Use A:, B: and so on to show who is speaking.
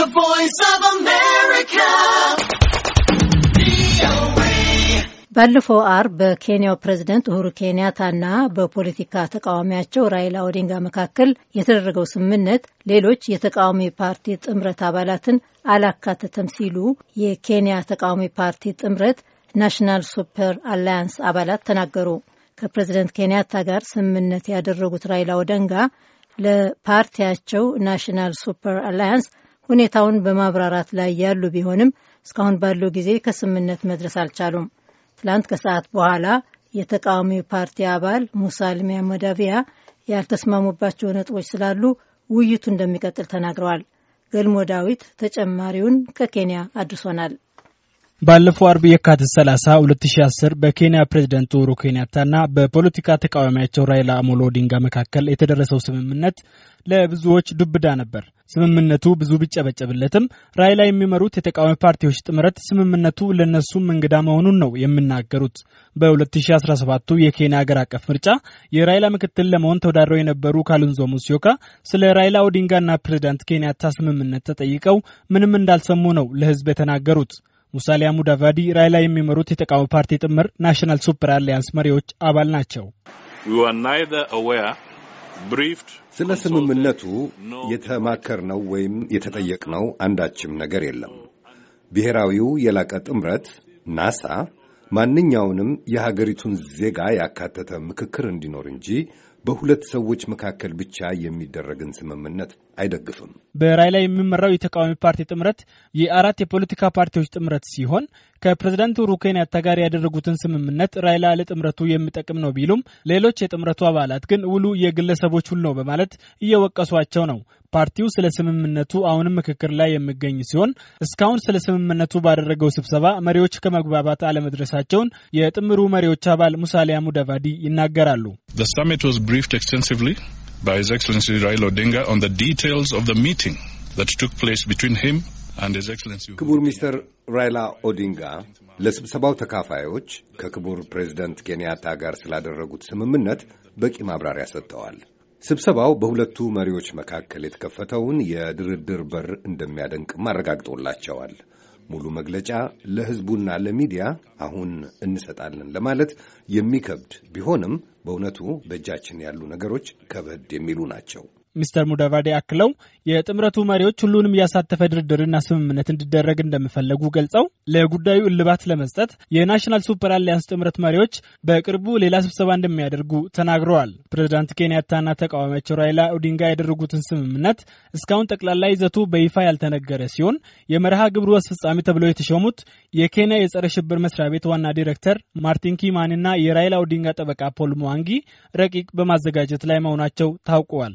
A: The Voice of America. ባለፈው አርብ በኬንያው ፕሬዝደንት ኡሁሩ ኬንያታና በፖለቲካ ተቃዋሚያቸው ራይላ ኦዲንጋ መካከል የተደረገው ስምምነት ሌሎች የተቃዋሚ ፓርቲ ጥምረት አባላትን አላካተተም ሲሉ የኬንያ ተቃዋሚ ፓርቲ ጥምረት ናሽናል ሱፐር አላያንስ አባላት ተናገሩ። ከፕሬዝደንት ኬንያታ ጋር ስምምነት ያደረጉት ራይላ ኦደንጋ ለፓርቲያቸው ናሽናል ሱፐር አላያንስ ሁኔታውን በማብራራት ላይ ያሉ ቢሆንም እስካሁን ባለው ጊዜ ከስምምነት መድረስ አልቻሉም። ትላንት ከሰዓት በኋላ የተቃዋሚው ፓርቲ አባል ሙሳሊሚያ መዳቪያ ያልተስማሙባቸው ነጥቦች ስላሉ ውይይቱ እንደሚቀጥል ተናግረዋል። ገልሞ ዳዊት ተጨማሪውን ከኬንያ አድርሶናል።
B: ባለፈው አርብ የካቲት 30 2010 በኬንያ ፕሬዝደንት ኡሁሩ ኬንያታና በፖለቲካ ተቃዋሚያቸው ራይላ አሞሎ ኦዲንጋ መካከል የተደረሰው ስምምነት ለብዙዎች ዱብዳ ነበር። ስምምነቱ ብዙ ቢጨበጨብለትም ራይላ የሚመሩት የተቃዋሚ ፓርቲዎች ጥምረት ስምምነቱ ለእነሱም እንግዳ መሆኑን ነው የሚናገሩት። በ2017 የኬንያ አገር አቀፍ ምርጫ የራይላ ምክትል ለመሆን ተወዳድረው የነበሩ ካልንዞ ሙስዮካ ስለ ራይላ ኦዲንጋና ፕሬዝዳንት ኬንያታ ስምምነት ተጠይቀው ምንም እንዳልሰሙ ነው ለህዝብ የተናገሩት። ሙሳሌ አህመድ አቫዲ ራይላ የሚመሩት የተቃውሞ ፓርቲ ጥምር ናሽናል ሱፐር አሊያንስ መሪዎች አባል ናቸው።
C: ስለ ስምምነቱ የተማከርነው ወይም የተጠየቅነው አንዳችም ነገር የለም። ብሔራዊው የላቀ ጥምረት ናሳ ማንኛውንም የሀገሪቱን ዜጋ ያካተተ ምክክር እንዲኖር እንጂ በሁለት ሰዎች መካከል ብቻ የሚደረግን ስምምነት አይደግፍም።
B: በራይ ላይ የሚመራው የተቃዋሚ ፓርቲ ጥምረት የአራት የፖለቲካ ፓርቲዎች ጥምረት ሲሆን ከፕሬዝዳንት ኡሁሩ ኬንያታ ጋር ያደረጉትን ስምምነት ራይላ ለጥምረቱ የሚጠቅም ነው ቢሉም ሌሎች የጥምረቱ አባላት ግን ውሉ የግለሰቦች ውል ነው በማለት እየወቀሷቸው ነው። ፓርቲው ስለ ስምምነቱ አሁንም ምክክር ላይ የሚገኝ ሲሆን እስካሁን ስለ ስምምነቱ ባደረገው ስብሰባ መሪዎች ከመግባባት አለመድረሳቸውን የጥምሩ መሪዎች አባል ሙሳሊያ ሙደቫዲ ይናገራሉ። by His Excellency Raila Odinga on the details of the meeting that took place between
C: him and His Excellency. ክቡር ሚስተር ራይላ ኦዲንጋ ለስብሰባው ተካፋዮች ከክቡር ፕሬዚደንት ኬንያታ ጋር ስላደረጉት ስምምነት በቂ ማብራሪያ ሰጥተዋል። ስብሰባው በሁለቱ መሪዎች መካከል የተከፈተውን የድርድር በር እንደሚያደንቅም አረጋግጦላቸዋል። ሙሉ መግለጫ ለሕዝቡና ለሚዲያ አሁን እንሰጣለን ለማለት የሚከብድ ቢሆንም በእውነቱ በእጃችን ያሉ ነገሮች ከበድ የሚሉ ናቸው።
B: ሚስተር ሙዳቫዴ አክለው የጥምረቱ መሪዎች ሁሉንም ያሳተፈ ድርድርና ስምምነት እንዲደረግ እንደሚፈለጉ ገልጸው ለጉዳዩ እልባት ለመስጠት የናሽናል ሱፐር አሊያንስ ጥምረት መሪዎች በቅርቡ ሌላ ስብሰባ እንደሚያደርጉ ተናግረዋል። ፕሬዚዳንት ኬንያታና ተቃዋሚያቸው ራይላ ኦዲንጋ ያደረጉትን ስምምነት እስካሁን ጠቅላላ ይዘቱ በይፋ ያልተነገረ ሲሆን የመርሃ ግብሩ አስፈጻሚ ተብለው የተሾሙት የኬንያ የጸረ ሽብር መስሪያ ቤት ዋና ዲሬክተር ማርቲን ኪማንና የራይላ ኦዲንጋ ጠበቃ ፖል ሙዋንጊ ረቂቅ በማዘጋጀት ላይ መሆናቸው ታውቀዋል።